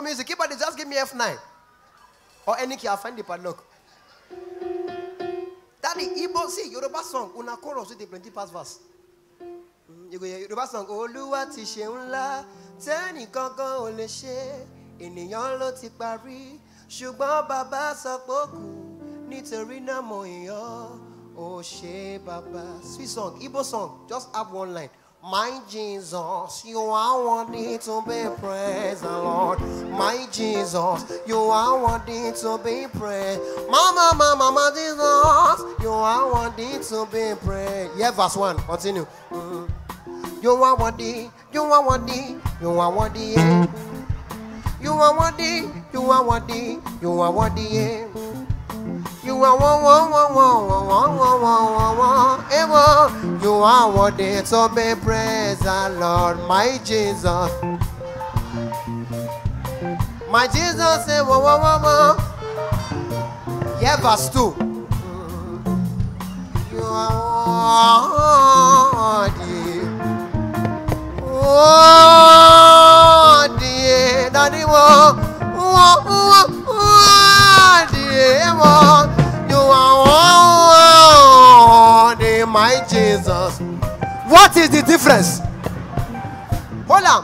music. but just give me F9. Or any key, i find the padlock. Daddy, Igbo, see, Yoruba song, una chorus with the plenty past verse. Mm, you go, Yoruba song, Olúwa ti ṣe ńlá, tẹ́nì kankan ò lè ṣe, ènìyàn ló ti parí, ṣùgbọ́n bàbá sọ pé ó kù, nítorí náà mo yàn ọ́, ó ṣe bàbá. Sweet song, Igbo song, just have one line. My Jesus, you are worthy to be praised, Lord. My Jesus, you are worthy to be praised. Mama, mama, mama, Jesus, you are worthy to be praised. Yeah, verse 1, continue. You are worthy, you are worthy, you are worthy. You are worthy, you are worthy, you are worthy. You are one, one, one, one, one, one, one, one, one, one our day. So may praise the Lord, my Jesus. My Jesus say, whoa, whoa, whoa, whoa. Yeah, verse 2. You dear, worthy. dear, Daddy, whoa, whoa, whoa, whoa. Jesus. What is the difference? Hold on.